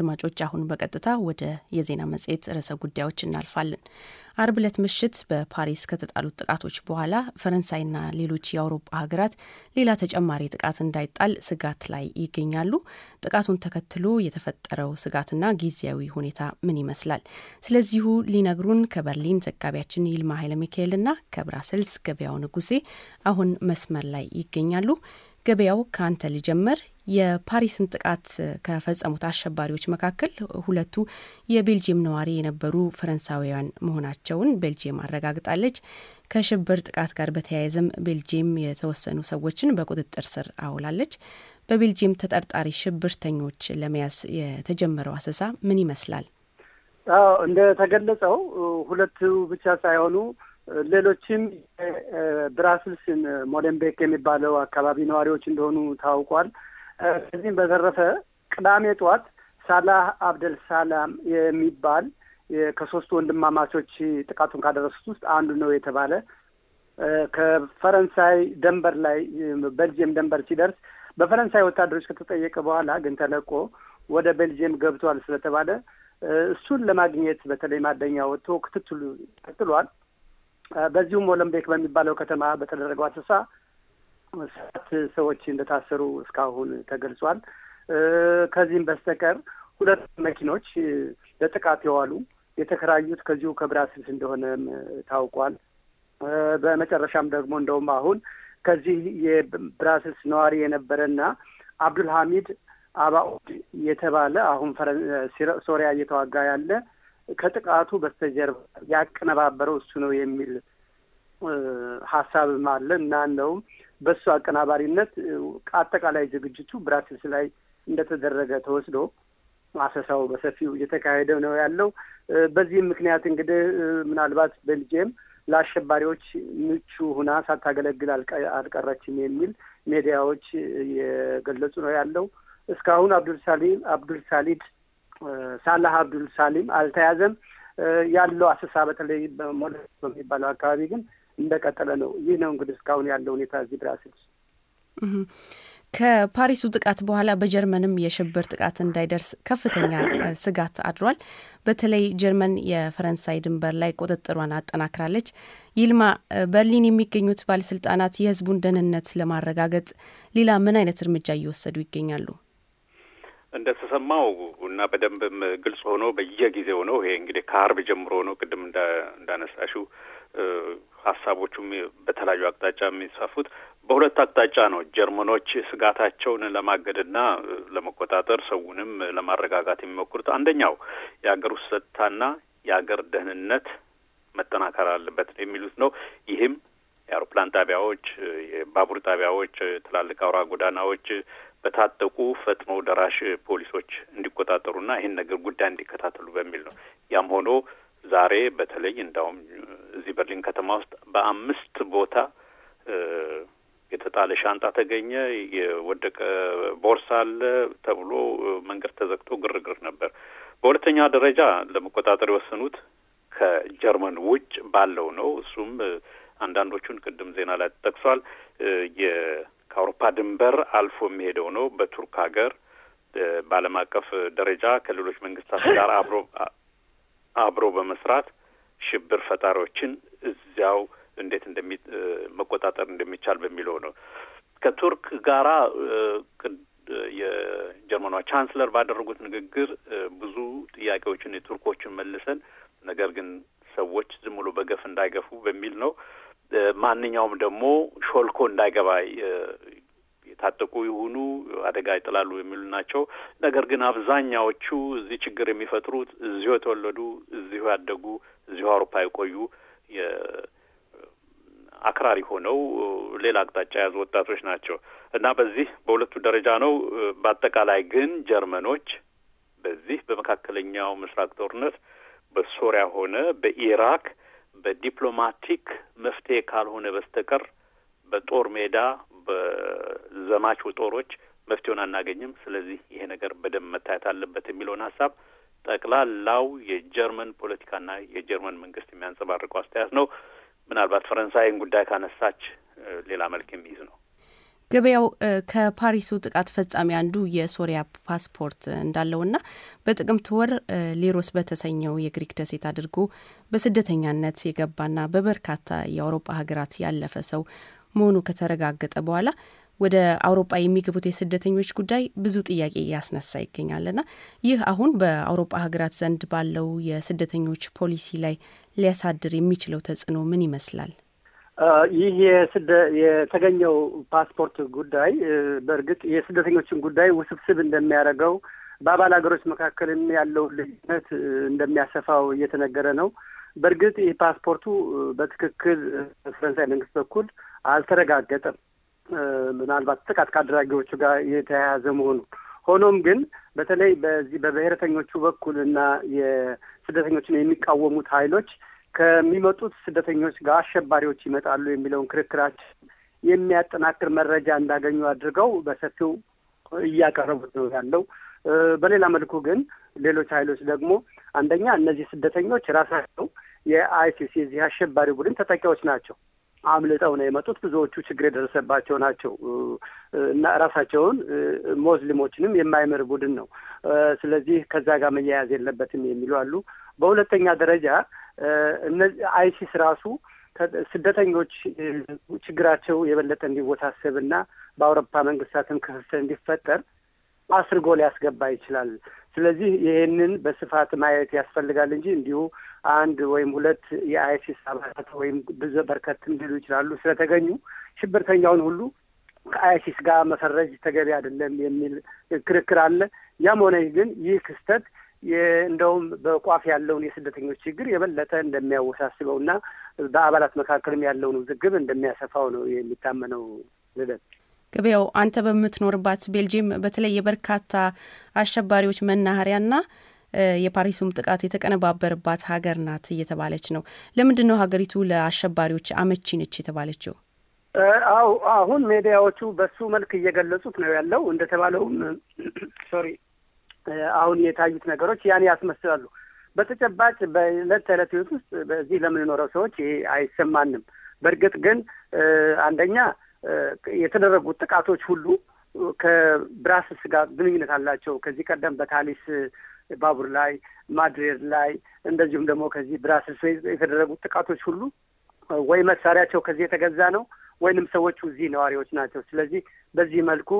አድማጮች አሁን በቀጥታ ወደ የዜና መጽሔት ርዕሰ ጉዳዮች እናልፋለን። አርብ ዕለት ምሽት በፓሪስ ከተጣሉት ጥቃቶች በኋላ ፈረንሳይና ሌሎች የአውሮፓ ሀገራት ሌላ ተጨማሪ ጥቃት እንዳይጣል ስጋት ላይ ይገኛሉ። ጥቃቱን ተከትሎ የተፈጠረው ስጋትና ጊዜያዊ ሁኔታ ምን ይመስላል? ስለዚሁ ሊነግሩን ከበርሊን ዘጋቢያችን ይልማ ኃይለ ሚካኤልና ከብራሰልስ ገበያው ንጉሴ አሁን መስመር ላይ ይገኛሉ። ገበያው ከአንተ ሊጀመር የፓሪስን ጥቃት ከፈጸሙት አሸባሪዎች መካከል ሁለቱ የቤልጅየም ነዋሪ የነበሩ ፈረንሳውያን መሆናቸውን ቤልጅየም አረጋግጣለች። ከሽብር ጥቃት ጋር በተያያዘም ቤልጅየም የተወሰኑ ሰዎችን በቁጥጥር ስር አውላለች። በቤልጅየም ተጠርጣሪ ሽብርተኞች ለመያዝ የተጀመረው አሰሳ ምን ይመስላል? እንደ ተገለጸው ሁለቱ ብቻ ሳይሆኑ ሌሎችም ብራስልስን ሞደንቤክ የሚባለው አካባቢ ነዋሪዎች እንደሆኑ ታውቋል። ከዚህም በተረፈ ቅዳሜ ጠዋት ሳላህ አብደል ሳላም የሚባል ከሶስቱ ወንድማማቾች ጥቃቱን ካደረሱት ውስጥ አንዱ ነው የተባለ ከፈረንሳይ ደንበር ላይ በልጅየም ደንበር ሲደርስ በፈረንሳይ ወታደሮች ከተጠየቀ በኋላ ግን ተለቆ ወደ ቤልጅየም ገብቷል ስለተባለ እሱን ለማግኘት በተለይ ማደኛ ወጥቶ ክትትሉ ቀጥሏል። በዚሁም ሞለምቤክ በሚባለው ከተማ በተደረገው አሰሳ ሰባት ሰዎች እንደታሰሩ እስካሁን ተገልጿል። ከዚህም በስተቀር ሁለት መኪኖች ለጥቃት የዋሉ የተከራዩት ከዚሁ ከብራስልስ እንደሆነም ታውቋል። በመጨረሻም ደግሞ እንደውም አሁን ከዚህ የብራስልስ ነዋሪ የነበረና አብዱልሀሚድ አባኡድ የተባለ አሁን ሶሪያ እየተዋጋ ያለ ከጥቃቱ በስተጀርባ ያቀነባበረው እሱ ነው የሚል ሀሳብም አለ እና እንደውም በእሱ አቀናባሪነት አጠቃላይ ዝግጅቱ ብራስልስ ላይ እንደተደረገ ተወስዶ አሰሳው በሰፊው እየተካሄደ ነው ያለው። በዚህም ምክንያት እንግዲህ ምናልባት ቤልጅየም ለአሸባሪዎች ምቹ ሁና ሳታገለግል አልቀረችም የሚል ሜዲያዎች እየገለጹ ነው ያለው። እስካሁን አብዱልሳሊም አብዱልሳሊድ ሳላህ አብዱል ሳሊም አልተያዘም። ያለው አሰሳ በተለይ በሞለ በሚባለው አካባቢ ግን እንደቀጠለ ነው። ይህ ነው እንግዲህ እስካሁን ያለው ሁኔታ እዚህ ብራስልስ። ከፓሪሱ ጥቃት በኋላ በጀርመንም የሽብር ጥቃት እንዳይደርስ ከፍተኛ ስጋት አድሯል። በተለይ ጀርመን የፈረንሳይ ድንበር ላይ ቁጥጥሯን አጠናክራለች። ይልማ፣ በርሊን የሚገኙት ባለስልጣናት የህዝቡን ደህንነት ለማረጋገጥ ሌላ ምን አይነት እርምጃ እየወሰዱ ይገኛሉ? እንደተሰማው እና በደንብም ግልጽ ሆኖ በየጊዜው ነው ይሄ እንግዲህ ከአርብ ጀምሮ ነው ቅድም እንዳነሳሽው ሀሳቦቹም በተለያዩ አቅጣጫ የሚሳፉት በሁለት አቅጣጫ ነው። ጀርመኖች ስጋታቸውን ለማገድና ለመቆጣጠር ሰውንም ለማረጋጋት የሚሞክሩት አንደኛው የሀገር ውስጥ ጸጥታና የሀገር ደህንነት መጠናከር አለበት የሚሉት ነው። ይህም የአውሮፕላን ጣቢያዎች፣ የባቡር ጣቢያዎች፣ ትላልቅ አውራ ጎዳናዎች በታጠቁ ፈጥኖ ደራሽ ፖሊሶች እንዲቆጣጠሩና ይህን ነገር ጉዳይ እንዲከታተሉ በሚል ነው። ያም ሆኖ ዛሬ በተለይ እንዳውም እዚህ በርሊን ከተማ ውስጥ በአምስት ቦታ የተጣለ ሻንጣ ተገኘ፣ የወደቀ ቦርሳ አለ ተብሎ መንገድ ተዘግቶ ግርግር ነበር። በሁለተኛ ደረጃ ለመቆጣጠር የወሰኑት ከጀርመን ውጭ ባለው ነው። እሱም አንዳንዶቹን ቅድም ዜና ላይ ተጠቅሷል። ከአውሮፓ ድንበር አልፎ የሚሄደው ነው። በቱርክ ሀገር በዓለም አቀፍ ደረጃ ከሌሎች መንግስታት ጋር አብሮ አብሮ በመስራት ሽብር ፈጣሪዎችን እዚያው እንዴት እንደሚ መቆጣጠር እንደሚቻል በሚለው ነው። ከቱርክ ጋራ የጀርመኗ ቻንስለር ባደረጉት ንግግር ብዙ ጥያቄዎችን የቱርኮችን መልሰን ነገር ግን ሰዎች ዝም ብሎ በገፍ እንዳይገፉ በሚል ነው ማንኛውም ደግሞ ሾልኮ እንዳይገባ የታጠቁ ይሁኑ አደጋ ይጥላሉ የሚሉ ናቸው። ነገር ግን አብዛኛዎቹ እዚህ ችግር የሚፈጥሩት እዚሁ የተወለዱ እዚሁ ያደጉ እዚሁ አውሮፓ የቆዩ አክራሪ ሆነው ሌላ አቅጣጫ የያዙ ወጣቶች ናቸው እና በዚህ በሁለቱ ደረጃ ነው። በአጠቃላይ ግን ጀርመኖች በዚህ በመካከለኛው ምስራቅ ጦርነት በሶሪያ ሆነ በኢራክ በዲፕሎማቲክ መፍትሄ ካልሆነ በስተቀር በጦር ሜዳ በዘማቹ ጦሮች መፍትሄውን አናገኝም። ስለዚህ ይሄ ነገር በደንብ መታየት አለበት የሚለውን ሀሳብ ጠቅላላው የጀርመን ፖለቲካና የጀርመን መንግስት የሚያንጸባርቀው አስተያየት ነው። ምናልባት ፈረንሳይን ጉዳይ ካነሳች ሌላ መልክ የሚይዝ ነው። ገበያው ከፓሪሱ ጥቃት ፈጻሚ አንዱ የሶሪያ ፓስፖርት እንዳለውና በጥቅምት ወር ሌሮስ በተሰኘው የግሪክ ደሴት አድርጎ በስደተኛነት የገባና በበርካታ የአውሮፓ ሀገራት ያለፈ ሰው መሆኑ ከተረጋገጠ በኋላ ወደ አውሮፓ የሚገቡት የስደተኞች ጉዳይ ብዙ ጥያቄ እያስነሳ ይገኛልና ይህ አሁን በአውሮፓ ሀገራት ዘንድ ባለው የስደተኞች ፖሊሲ ላይ ሊያሳድር የሚችለው ተጽዕኖ ምን ይመስላል? ይህ የስደ የተገኘው ፓስፖርት ጉዳይ በእርግጥ የስደተኞችን ጉዳይ ውስብስብ እንደሚያደርገው በአባል ሀገሮች መካከልም ያለው ልዩነት እንደሚያሰፋው እየተነገረ ነው። በእርግጥ ይህ ፓስፖርቱ በትክክል ፈረንሳይ መንግስት በኩል አልተረጋገጠም። ምናልባት ጥቃት ከአድራጊዎቹ ጋር የተያያዘ መሆኑ ሆኖም ግን በተለይ በዚህ በብሔረተኞቹ በኩል እና የስደተኞችን የሚቃወሙት ኃይሎች ከሚመጡት ስደተኞች ጋር አሸባሪዎች ይመጣሉ የሚለውን ክርክራችን የሚያጠናክር መረጃ እንዳገኙ አድርገው በሰፊው እያቀረቡት ነው ያለው። በሌላ መልኩ ግን ሌሎች ኃይሎች ደግሞ አንደኛ እነዚህ ስደተኞች ራሳቸው የአይሲሲ የዚህ አሸባሪ ቡድን ተጠቂዎች ናቸው፣ አምልጠው ነው የመጡት። ብዙዎቹ ችግር የደረሰባቸው ናቸው እና ራሳቸውን ሙስሊሞችንም የማይምር ቡድን ነው። ስለዚህ ከዛ ጋር መያያዝ የለበትም የሚሉ አሉ። በሁለተኛ ደረጃ እነዚህ አይሲስ ራሱ ስደተኞች ችግራቸው የበለጠ እንዲወሳሰብ እንዲወሳሰብና በአውሮፓ መንግስታትም ክፍፍል እንዲፈጠር አስርጎ ሊያስገባ ይችላል። ስለዚህ ይህንን በስፋት ማየት ያስፈልጋል እንጂ እንዲሁ አንድ ወይም ሁለት የአይሲስ አባላት ወይም ብዙ በርከት እንዲሉ ይችላሉ ስለተገኙ ሽብርተኛውን ሁሉ ከአይሲስ ጋር መፈረጅ ተገቢ አይደለም የሚል ክርክር አለ። ያም ሆነ ግን ይህ ክስተት እንደውም በቋፍ ያለውን የስደተኞች ችግር የበለጠ እንደሚያወሳስበው እና በአባላት መካከልም ያለውን ውዝግብ እንደሚያሰፋው ነው የሚታመነው። ልደት ገበያው፣ አንተ በምትኖርባት ቤልጅየም በተለይ የበርካታ አሸባሪዎች መናኸሪያና የፓሪሱም ጥቃት የተቀነባበረባት ሀገር ናት እየተባለች ነው። ለምንድን ነው ሀገሪቱ ለአሸባሪዎች አመቺ ነች የተባለችው? አሁን ሜዲያዎቹ በሱ መልክ እየገለጹት ነው ያለው። እንደተባለውም ሶሪ አሁን የታዩት ነገሮች ያን ያስመስላሉ። በተጨባጭ በእለት ተዕለት ህይወት ውስጥ በዚህ ለምንኖረው ሰዎች ይሄ አይሰማንም። በእርግጥ ግን አንደኛ የተደረጉት ጥቃቶች ሁሉ ከብራስልስ ጋር ግንኙነት አላቸው። ከዚህ ቀደም በታሊስ ባቡር ላይ፣ ማድሪድ ላይ እንደዚሁም ደግሞ ከዚህ ብራስልስ የተደረጉት ጥቃቶች ሁሉ ወይ መሳሪያቸው ከዚህ የተገዛ ነው ወይንም ሰዎቹ እዚህ ነዋሪዎች ናቸው። ስለዚህ በዚህ መልኩ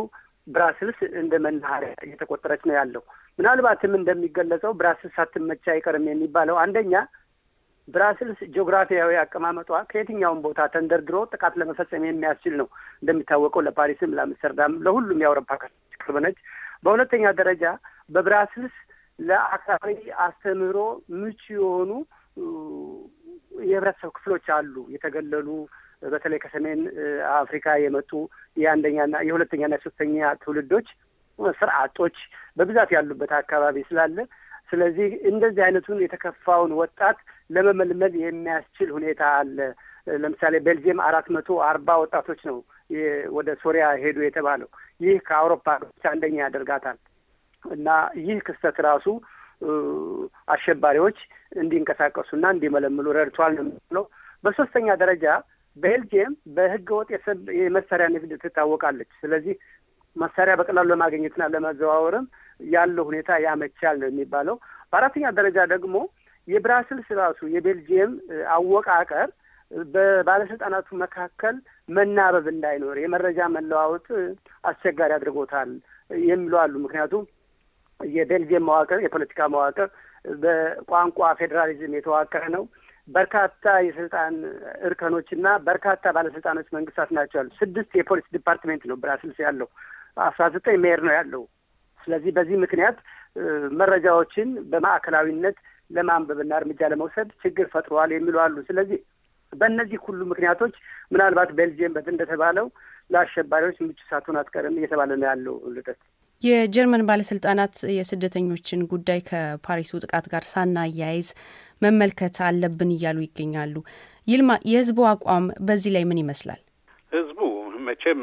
ብራስልስ እንደ መናኸሪያ እየተቆጠረች ነው ያለው። ምናልባትም እንደሚገለጸው ብራስልስ አትመቻ አይቀርም የሚባለው አንደኛ ብራስልስ ጂኦግራፊያዊ አቀማመጧ ከየትኛውም ቦታ ተንደርድሮ ጥቃት ለመፈጸም የሚያስችል ነው። እንደሚታወቀው ለፓሪስም፣ ለአምስተርዳም፣ ለሁሉም የአውሮፓ ከተሞች ቅርብ ነች። በሁለተኛ ደረጃ በብራስልስ ለአካባቢ አስተምህሮ ምቹ የሆኑ የህብረተሰብ ክፍሎች አሉ። የተገለሉ በተለይ ከሰሜን አፍሪካ የመጡ የአንደኛና የሁለተኛና የሶስተኛ ትውልዶች ስርዓቶች በብዛት ያሉበት አካባቢ ስላለ ስለዚህ እንደዚህ አይነቱን የተከፋውን ወጣት ለመመልመል የሚያስችል ሁኔታ አለ። ለምሳሌ ቤልጅየም አራት መቶ አርባ ወጣቶች ነው ወደ ሶሪያ ሄዱ የተባለው። ይህ ከአውሮፓ አንደኛ ያደርጋታል እና ይህ ክስተት ራሱ አሸባሪዎች እንዲንቀሳቀሱና እንዲመለምሉ ረድቷል ነው የሚለው። በሶስተኛ ደረጃ ቤልጅየም በህገ ወጥ የመሳሪያ ንግድ ትታወቃለች። ስለዚህ መሳሪያ በቀላሉ ለማግኘትና ለመዘዋወርም ያለው ሁኔታ ያመቻል ነው የሚባለው። በአራተኛ ደረጃ ደግሞ የብራስልስ ራሱ የቤልጅየም አወቃቀር በባለስልጣናቱ መካከል መናበብ እንዳይኖር የመረጃ መለዋወጥ አስቸጋሪ አድርጎታል የሚሉ አሉ። ምክንያቱም የቤልጅየም መዋቅር የፖለቲካ መዋቅር በቋንቋ ፌዴራሊዝም የተዋቀረ ነው። በርካታ የስልጣን እርከኖችና በርካታ ባለስልጣኖች መንግስታት ናቸው ያሉ። ስድስት የፖሊስ ዲፓርትሜንት ነው ብራስልስ ያለው፣ አስራ ዘጠኝ ሜር ነው ያለው። ስለዚህ በዚህ ምክንያት መረጃዎችን በማዕከላዊነት ለማንበብና እርምጃ ለመውሰድ ችግር ፈጥረዋል የሚሉ አሉ። ስለዚህ በእነዚህ ሁሉ ምክንያቶች ምናልባት ቤልጅየም በት እንደተባለው ለአሸባሪዎች ምቹ ሳትሆን አትቀርም እየተባለ ነው ያለው ልደት የጀርመን ባለስልጣናት የስደተኞችን ጉዳይ ከፓሪሱ ጥቃት ጋር ሳናያይዝ መመልከት አለብን እያሉ ይገኛሉ። ይልማ፣ የህዝቡ አቋም በዚህ ላይ ምን ይመስላል? ህዝቡ መቼም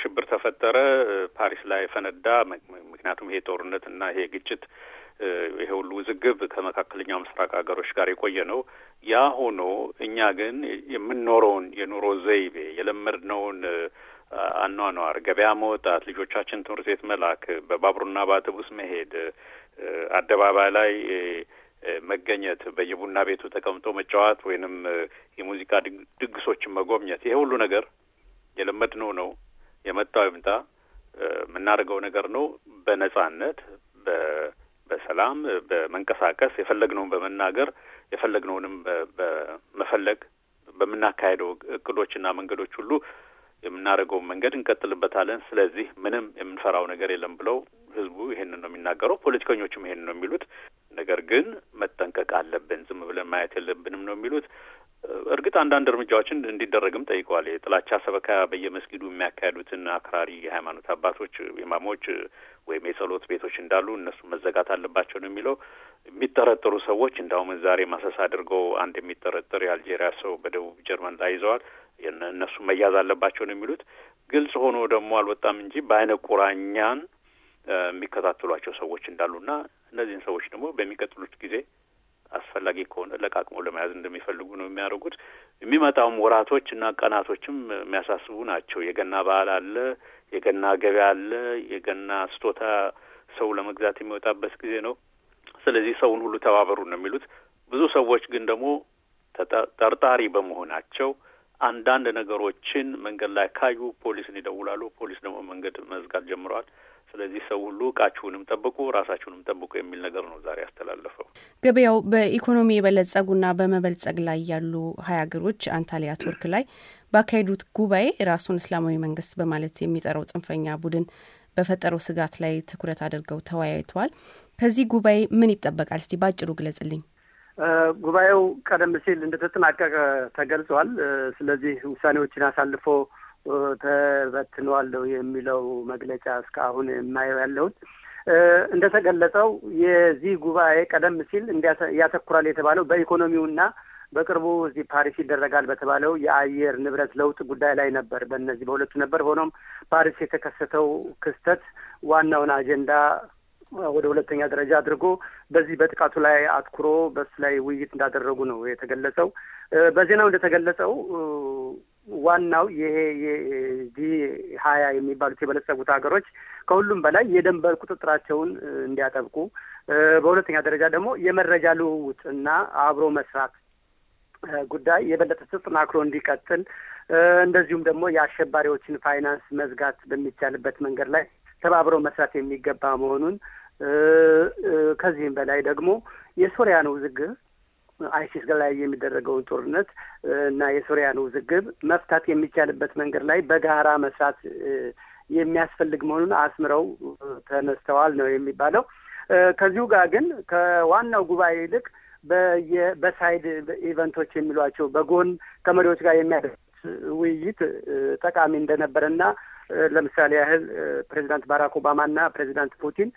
ሽብር ተፈጠረ፣ ፓሪስ ላይ ፈነዳ። ምክንያቱም ይሄ ጦርነት እና ይሄ ግጭት ይሄ ሁሉ ውዝግብ ከመካከለኛው ምስራቅ ሀገሮች ጋር የቆየ ነው። ያ ሆኖ እኛ ግን የምንኖረውን የኑሮ ዘይቤ የለመድነውን አኗኗር፣ ገበያ መውጣት፣ ልጆቻችን ትምህርት ቤት መላክ፣ በባቡርና በአውቶቡስ መሄድ፣ አደባባይ ላይ መገኘት፣ በየቡና ቤቱ ተቀምጦ መጫወት ወይንም የሙዚቃ ድግሶችን መጎብኘት፣ ይሄ ሁሉ ነገር የለመድነው ነው። የመጣው ይምጣ የምናደርገው ነገር ነው። በነጻነት በሰላም በመንቀሳቀስ የፈለግነውን በመናገር የፈለግነውንም በመፈለግ በምናካሄደው እቅዶችና መንገዶች ሁሉ የምናደርገውን መንገድ እንቀጥልበታለን። ስለዚህ ምንም የምንፈራው ነገር የለም ብለው ህዝቡ ይሄንን ነው የሚናገረው። ፖለቲከኞቹም ይሄንን ነው የሚሉት። ነገር ግን መጠንቀቅ አለብን፣ ዝም ብለን ማየት የለብንም ነው የሚሉት። እርግጥ አንዳንድ እርምጃዎችን እንዲደረግም ጠይቀዋል። የጥላቻ ሰበካ በየመስጊዱ የሚያካሂዱትን አክራሪ የሃይማኖት አባቶች፣ ኢማሞች ወይም የጸሎት ቤቶች እንዳሉ እነሱ መዘጋት አለባቸው ነው የሚለው። የሚጠረጠሩ ሰዎች እንዳውም ዛሬ ማሰሳ አድርገው አንድ የሚጠረጠር የአልጄሪያ ሰው በደቡብ ጀርመን ላይ ይዘዋል። እነሱ መያዝ አለባቸው ነው የሚሉት። ግልጽ ሆኖ ደግሞ አልወጣም እንጂ በአይነ ቁራኛን የሚከታተሏቸው ሰዎች እንዳሉና እነዚህን ሰዎች ደግሞ በሚቀጥሉት ጊዜ አስፈላጊ ከሆነ ለቃቅሞ ለመያዝ እንደሚፈልጉ ነው የሚያደርጉት። የሚመጣውም ወራቶች እና ቀናቶችም የሚያሳስቡ ናቸው። የገና በዓል አለ፣ የገና ገበያ አለ፣ የገና ስጦታ ሰው ለመግዛት የሚወጣበት ጊዜ ነው። ስለዚህ ሰውን ሁሉ ተባበሩ ነው የሚሉት። ብዙ ሰዎች ግን ደግሞ ተጠርጣሪ በመሆናቸው አንዳንድ ነገሮችን መንገድ ላይ ካዩ ፖሊስን ይደውላሉ። ፖሊስ ደግሞ መንገድ መዝጋት ጀምረዋል። ስለዚህ ሰው ሁሉ እቃችሁንም ጠብቁ፣ ራሳችሁንም ጠብቁ የሚል ነገር ነው ዛሬ ያስተላለፈው። ገበያው በኢኮኖሚ የበለጸጉና በመበልጸግ ላይ ያሉ ሀያ ሀገሮች አንታሊያ ቱርክ ላይ ባካሄዱት ጉባኤ ራሱን እስላማዊ መንግስት በማለት የሚጠራው ጽንፈኛ ቡድን በፈጠረው ስጋት ላይ ትኩረት አድርገው ተወያይተዋል። ከዚህ ጉባኤ ምን ይጠበቃል? እስቲ በአጭሩ ግለጽልኝ። ጉባኤው ቀደም ሲል እንደተጠናቀቀ ተገልጿል። ስለዚህ ውሳኔዎችን አሳልፎ ተበትነዋለሁ የሚለው መግለጫ እስካሁን የማየው ያለሁት እንደተገለጸው የዚህ ጉባኤ ቀደም ሲል ያተኩራል የተባለው በኢኮኖሚውና በቅርቡ እዚህ ፓሪስ ይደረጋል በተባለው የአየር ንብረት ለውጥ ጉዳይ ላይ ነበር። በእነዚህ በሁለቱ ነበር። ሆኖም ፓሪስ የተከሰተው ክስተት ዋናውን አጀንዳ ወደ ሁለተኛ ደረጃ አድርጎ በዚህ በጥቃቱ ላይ አትኩሮ በሱ ላይ ውይይት እንዳደረጉ ነው የተገለጸው። በዜናው እንደተገለጸው ዋናው ይሄ የጂ ሀያ የሚባሉት የበለጸጉት ሀገሮች ከሁሉም በላይ የደንበር ቁጥጥራቸውን እንዲያጠብቁ፣ በሁለተኛ ደረጃ ደግሞ የመረጃ ልውውጥ እና አብሮ መስራት ጉዳይ የበለጠ ተጠናክሮ እንዲቀጥል፣ እንደዚሁም ደግሞ የአሸባሪዎችን ፋይናንስ መዝጋት በሚቻልበት መንገድ ላይ ተባብረው መስራት የሚገባ መሆኑን ከዚህም በላይ ደግሞ የሶሪያን ውዝግብ አይሲስ ላይ የሚደረገውን ጦርነት እና የሶሪያን ውዝግብ መፍታት የሚቻልበት መንገድ ላይ በጋራ መስራት የሚያስፈልግ መሆኑን አስምረው ተነስተዋል ነው የሚባለው። ከዚሁ ጋር ግን ከዋናው ጉባኤ ይልቅ በሳይድ ኢቨንቶች የሚሏቸው በጎን ከመሪዎች ጋር የሚያደርጉት ውይይት ጠቃሚ እንደነበረና ለምሳሌ ያህል ፕሬዚዳንት ባራክ ኦባማና ፕሬዚዳንት ፑቲን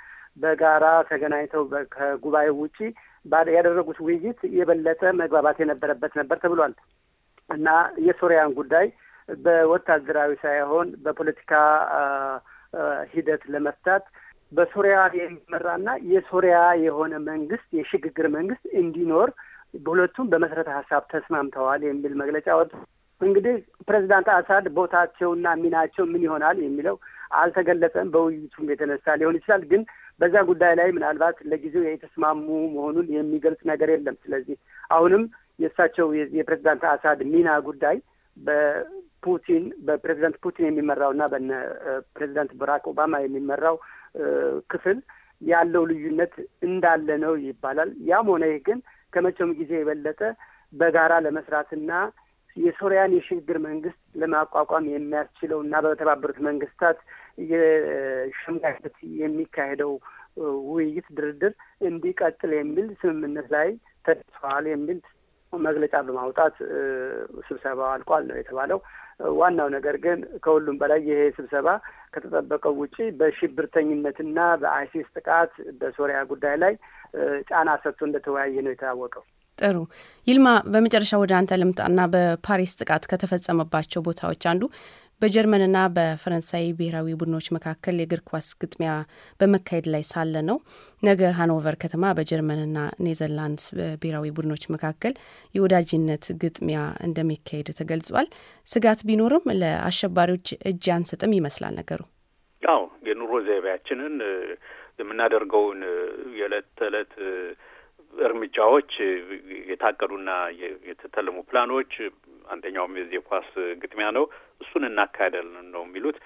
በጋራ ተገናኝተው ከጉባኤው ውጪ ያደረጉት ውይይት የበለጠ መግባባት የነበረበት ነበር ተብሏል እና የሶሪያን ጉዳይ በወታደራዊ ሳይሆን በፖለቲካ ሂደት ለመፍታት በሶሪያ የሚመራና የሶሪያ የሆነ መንግስት የሽግግር መንግስት እንዲኖር በሁለቱም በመሰረተ ሀሳብ ተስማምተዋል የሚል መግለጫ ወጡ። እንግዲህ ፕሬዚዳንት አሳድ ቦታቸውና ሚናቸው ምን ይሆናል የሚለው አልተገለጸም። በውይይቱም የተነሳ ሊሆን ይችላል ግን በዛ ጉዳይ ላይ ምናልባት ለጊዜው የተስማሙ መሆኑን የሚገልጽ ነገር የለም። ስለዚህ አሁንም የእሳቸው የፕሬዚዳንት አሳድ ሚና ጉዳይ በፑቲን በፕሬዚዳንት ፑቲን የሚመራው እና በነ ፕሬዚዳንት ባራክ ኦባማ የሚመራው ክፍል ያለው ልዩነት እንዳለ ነው ይባላል። ያም ሆነ ይህ ግን ከመቼውም ጊዜ የበለጠ በጋራ ለመስራትና የሶሪያን የሽግግር መንግስት ለማቋቋም የሚያስችለው እና በተባበሩት መንግስታት የሸምጋይነት የሚካሄደው ውይይት ድርድር እንዲቀጥል የሚል ስምምነት ላይ ተደርሰዋል የሚል መግለጫ በማውጣት ስብሰባ አልቋል ነው የተባለው። ዋናው ነገር ግን ከሁሉም በላይ ይሄ ስብሰባ ከተጠበቀው ውጪ በሽብርተኝነትና በአይሲስ ጥቃት በሶሪያ ጉዳይ ላይ ጫና ሰጥቶ እንደተወያየ ነው የታወቀው። ጥሩ ይልማ፣ በመጨረሻ ወደ አንተ ልምጣና በፓሪስ ጥቃት ከተፈጸመባቸው ቦታዎች አንዱ በጀርመንና በፈረንሳይ ብሔራዊ ቡድኖች መካከል የእግር ኳስ ግጥሚያ በመካሄድ ላይ ሳለ ነው። ነገ ሃኖቨር ከተማ በጀርመንና ኔዘርላንድስ ብሔራዊ ቡድኖች መካከል የወዳጅነት ግጥሚያ እንደሚካሄድ ተገልጿል። ስጋት ቢኖርም ለአሸባሪዎች እጅ አንሰጥም ይመስላል ነገሩ። አዎ የኑሮ ዘይቤያችንን የምናደርገውን የዕለት ተዕለት እርምጃዎች የታቀዱና የተተለሙ ፕላኖች አንደኛውም የዚህ የኳስ ግጥሚያ ነው። እሱን እናካሄዳለን ነው የሚሉት።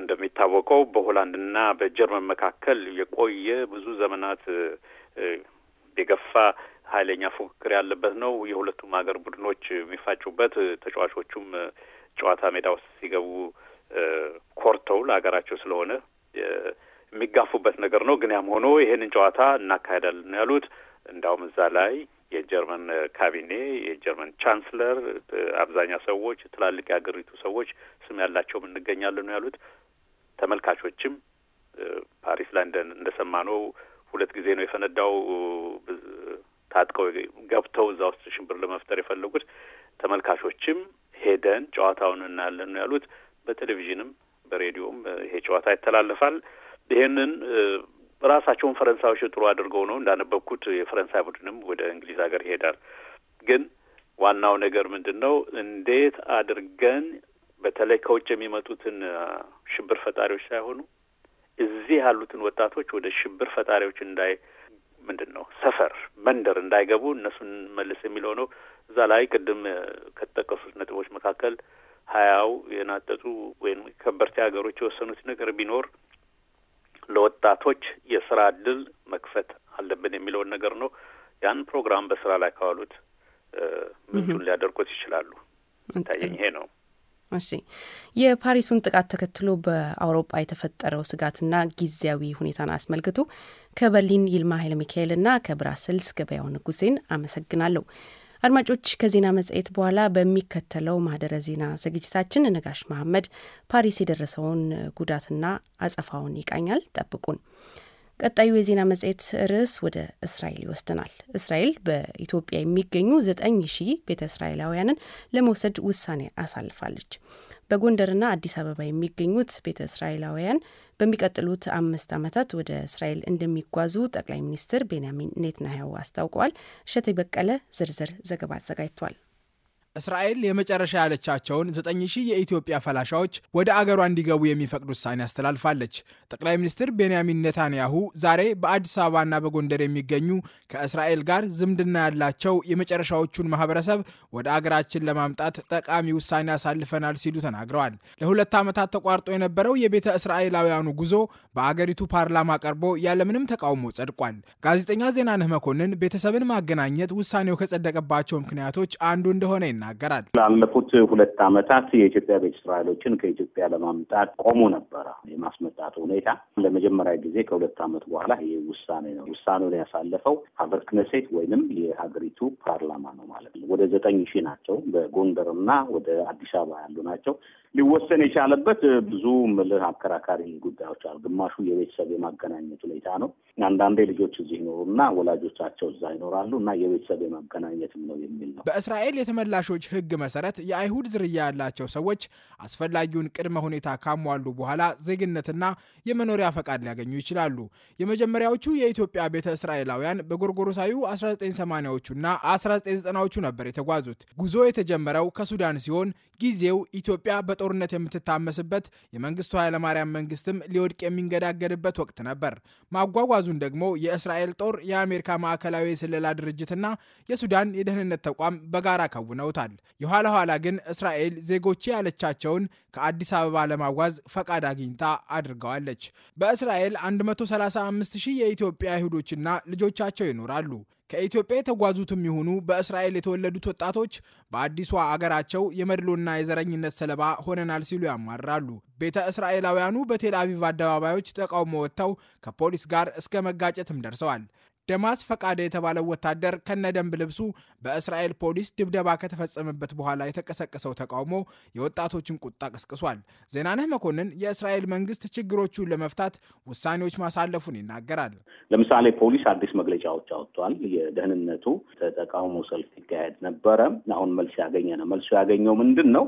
እንደሚታወቀው በሆላንድና በጀርመን መካከል የቆየ ብዙ ዘመናት የገፋ ኃይለኛ ፉክክር ያለበት ነው። የሁለቱም ሀገር ቡድኖች የሚፋጩበት ተጫዋቾቹም ጨዋታ ሜዳ ውስጥ ሲገቡ ኮርተው ለሀገራቸው ስለሆነ የሚጋፉበት ነገር ነው። ግን ያም ሆኖ ይሄንን ጨዋታ እናካሄዳለን ያሉት እንዳውም እዛ ላይ የጀርመን ካቢኔ የጀርመን ቻንስለር አብዛኛው ሰዎች ትላልቅ የሀገሪቱ ሰዎች ስም ያላቸውም እንገኛለን ነው ያሉት። ተመልካቾችም ፓሪስ ላይ እንደ ነው ሁለት ጊዜ ነው የፈነዳው። ታጥቀው ገብተው እዛ ውስጥ ሽብር ለመፍጠር የፈለጉት ተመልካቾችም ሄደን ጨዋታውን እናያለን ነው ያሉት። በቴሌቪዥንም በሬዲዮም ይሄ ጨዋታ ይተላለፋል። ይሄንን ራሳቸውን ፈረንሳዮች ጥሩ አድርገው ነው እንዳነበብኩት የፈረንሳይ ቡድንም ወደ እንግሊዝ ሀገር ይሄዳል። ግን ዋናው ነገር ምንድን ነው? እንዴት አድርገን በተለይ ከውጭ የሚመጡትን ሽብር ፈጣሪዎች ሳይሆኑ እዚህ ያሉትን ወጣቶች ወደ ሽብር ፈጣሪዎች እንዳይ ምንድን ነው ሰፈር መንደር እንዳይገቡ እነሱን መልስ የሚለው ነው። እዛ ላይ ቅድም ከተጠቀሱት ነጥቦች መካከል ሀያው የናጠጡ ወይም ከበርቴ ሀገሮች የወሰኑት ነገር ቢኖር ለወጣቶች የስራ እድል መክፈት አለብን የሚለውን ነገር ነው። ያን ፕሮግራም በስራ ላይ ካዋሉት ምንቱን ሊያደርጉት ይችላሉ። ታየኝ ይሄ ነው። እሺ የፓሪሱን ጥቃት ተከትሎ በአውሮፓ የተፈጠረው ስጋትና ጊዜያዊ ሁኔታን አስመልክቶ ከበርሊን ይልማ ኃይለ ሚካኤልና ከብራስልስ ገበያው ንጉሴን አመሰግናለሁ። አድማጮች ከዜና መጽሔት በኋላ በሚከተለው ማህደረ ዜና ዝግጅታችን ነጋሽ መሐመድ ፓሪስ የደረሰውን ጉዳትና አጸፋውን ይቃኛል። ጠብቁን። ቀጣዩ የዜና መጽሔት ርዕስ ወደ እስራኤል ይወስደናል። እስራኤል በኢትዮጵያ የሚገኙ ዘጠኝ ሺህ ቤተ እስራኤላውያንን ለመውሰድ ውሳኔ አሳልፋለች። በጎንደርና አዲስ አበባ የሚገኙት ቤተ እስራኤላውያን በሚቀጥሉት አምስት ዓመታት ወደ እስራኤል እንደሚጓዙ ጠቅላይ ሚኒስትር ቤንያሚን ኔትናያው አስታውቀዋል። እሸቴ በቀለ ዝርዝር ዘገባ አዘጋጅቷል። እስራኤል የመጨረሻ ያለቻቸውን 9000 የኢትዮጵያ ፈላሻዎች ወደ አገሯ እንዲገቡ የሚፈቅድ ውሳኔ አስተላልፋለች። ጠቅላይ ሚኒስትር ቤንያሚን ኔታንያሁ ዛሬ በአዲስ አበባና በጎንደር የሚገኙ ከእስራኤል ጋር ዝምድና ያላቸው የመጨረሻዎቹን ማህበረሰብ ወደ አገራችን ለማምጣት ጠቃሚ ውሳኔ አሳልፈናል ሲሉ ተናግረዋል። ለሁለት ዓመታት ተቋርጦ የነበረው የቤተ እስራኤላውያኑ ጉዞ በአገሪቱ ፓርላማ ቀርቦ ያለምንም ተቃውሞ ጸድቋል። ጋዜጠኛ ዜናነህ መኮንን ቤተሰብን ማገናኘት ውሳኔው ከጸደቀባቸው ምክንያቶች አንዱ እንደሆነ ይናገራል። ላለፉት ሁለት ዓመታት የኢትዮጵያ ቤት እስራኤሎችን ከኢትዮጵያ ለማምጣት ቆሞ ነበረ። የማስመጣት ሁኔታ ለመጀመሪያ ጊዜ ከሁለት ዓመት በኋላ ይህ ውሳኔ ነው። ውሳኔውን ያሳለፈው ሀገር ክነሴት ወይንም የሀገሪቱ ፓርላማ ነው ማለት ነው። ወደ ዘጠኝ ሺህ ናቸው በጎንደር ወደ አዲስ አበባ ያሉ ናቸው። ሊወሰን የቻለበት ብዙ ምልህ አከራካሪ ጉዳዮች አሉ። ግማሹ የቤተሰብ የማገናኘት ሁኔታ ነው። አንዳንዴ ልጆች እዚህ ይኖሩና ወላጆቻቸው እዛ ይኖራሉ እና የቤተሰብ የማገናኘትም ነው የሚል ነው። በእስራኤል የተመላሹ በግማሾች ሕግ መሰረት የአይሁድ ዝርያ ያላቸው ሰዎች አስፈላጊውን ቅድመ ሁኔታ ካሟሉ በኋላ ዜግነትና የመኖሪያ ፈቃድ ሊያገኙ ይችላሉ። የመጀመሪያዎቹ የኢትዮጵያ ቤተ እስራኤላውያን በጎርጎሮሳዩ 1980ዎቹና 1990ዎቹ ነበር የተጓዙት። ጉዞ የተጀመረው ከሱዳን ሲሆን ጊዜው ኢትዮጵያ በጦርነት የምትታመስበት የመንግስቱ ኃይለማርያም መንግስትም ሊወድቅ የሚንገዳገድበት ወቅት ነበር። ማጓጓዙን ደግሞ የእስራኤል ጦር፣ የአሜሪካ ማዕከላዊ የስለላ ድርጅትና የሱዳን የደህንነት ተቋም በጋራ ከውነውታል። የኋላ ኋላ ግን እስራኤል ዜጎቼ ያለቻቸውን ከአዲስ አበባ ለማጓዝ ፈቃድ አግኝታ አድርገዋለች። በእስራኤል 135 ሺህ የኢትዮጵያ ይሁዶችና ልጆቻቸው ይኖራሉ። ከኢትዮጵያ የተጓዙትም ይሁኑ በእስራኤል የተወለዱት ወጣቶች በአዲሷ አገራቸው የመድሎና የዘረኝነት ሰለባ ሆነናል ሲሉ ያማራሉ። ቤተ እስራኤላውያኑ በቴል አቪቭ አደባባዮች ተቃውሞ ወጥተው ከፖሊስ ጋር እስከ መጋጨትም ደርሰዋል። ደማስ ፈቃደ የተባለው ወታደር ከነደንብ ልብሱ በእስራኤል ፖሊስ ድብደባ ከተፈጸመበት በኋላ የተቀሰቀሰው ተቃውሞ የወጣቶችን ቁጣ ቀስቅሷል። ዜናነህ መኮንን የእስራኤል መንግስት ችግሮቹን ለመፍታት ውሳኔዎች ማሳለፉን ይናገራል። ለምሳሌ ፖሊስ አዲስ መግለጫዎች አወጥቷል። የደህንነቱ ተቃውሞ ሰልፍ ይካሄድ ነበረ። አሁን መልስ ያገኘ ነው። መልሱ ያገኘው ምንድን ነው?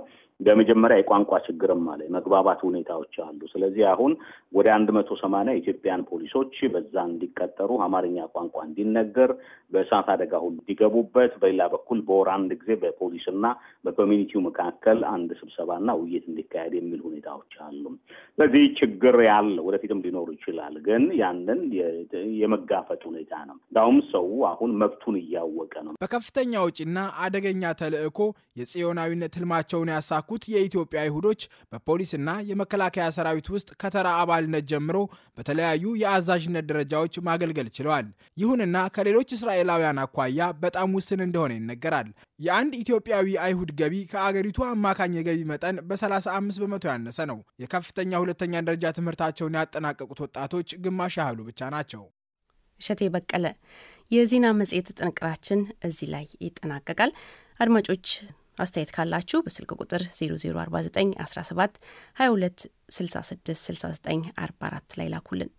በመጀመሪያ የቋንቋ ችግርም አለ፣ መግባባት ሁኔታዎች አሉ። ስለዚህ አሁን ወደ አንድ መቶ ሰማንያ ኢትዮጵያን ፖሊሶች በዛ እንዲቀጠሩ አማርኛ ቋንቋ እንዲነገር በእሳት አደጋ ሁሉ እንዲገቡበት፣ በሌላ በኩል በወር አንድ ጊዜ በፖሊስና በኮሚኒቲው መካከል አንድ ስብሰባና ውይይት እንዲካሄድ የሚል ሁኔታዎች አሉ። ስለዚህ ችግር ያለ ወደፊትም ሊኖሩ ይችላል፣ ግን ያንን የመጋፈጥ ሁኔታ ነው። እንዳውም ሰው አሁን መብቱን እያወቀ ነው። በከፍተኛ ውጪና አደገኛ ተልዕኮ የጽዮናዊነት ህልማቸውን ያሳ የተላኩት የኢትዮጵያ አይሁዶች በፖሊስና የመከላከያ ሰራዊት ውስጥ ከተራ አባልነት ጀምሮ በተለያዩ የአዛዥነት ደረጃዎች ማገልገል ችለዋል። ይሁንና ከሌሎች እስራኤላውያን አኳያ በጣም ውስን እንደሆነ ይነገራል። የአንድ ኢትዮጵያዊ አይሁድ ገቢ ከአገሪቱ አማካኝ የገቢ መጠን በ35 በመቶ ያነሰ ነው። የከፍተኛ ሁለተኛ ደረጃ ትምህርታቸውን ያጠናቀቁት ወጣቶች ግማሽ ያህሉ ብቻ ናቸው። እሸቴ በቀለ የዜና መጽሔት ጥንቅራችን እዚህ ላይ ይጠናቀቃል። አድማጮች አስተያየት ካላችሁ በስልክ ቁጥር 0049 17 22 66 69 44 ላይ ላኩልን።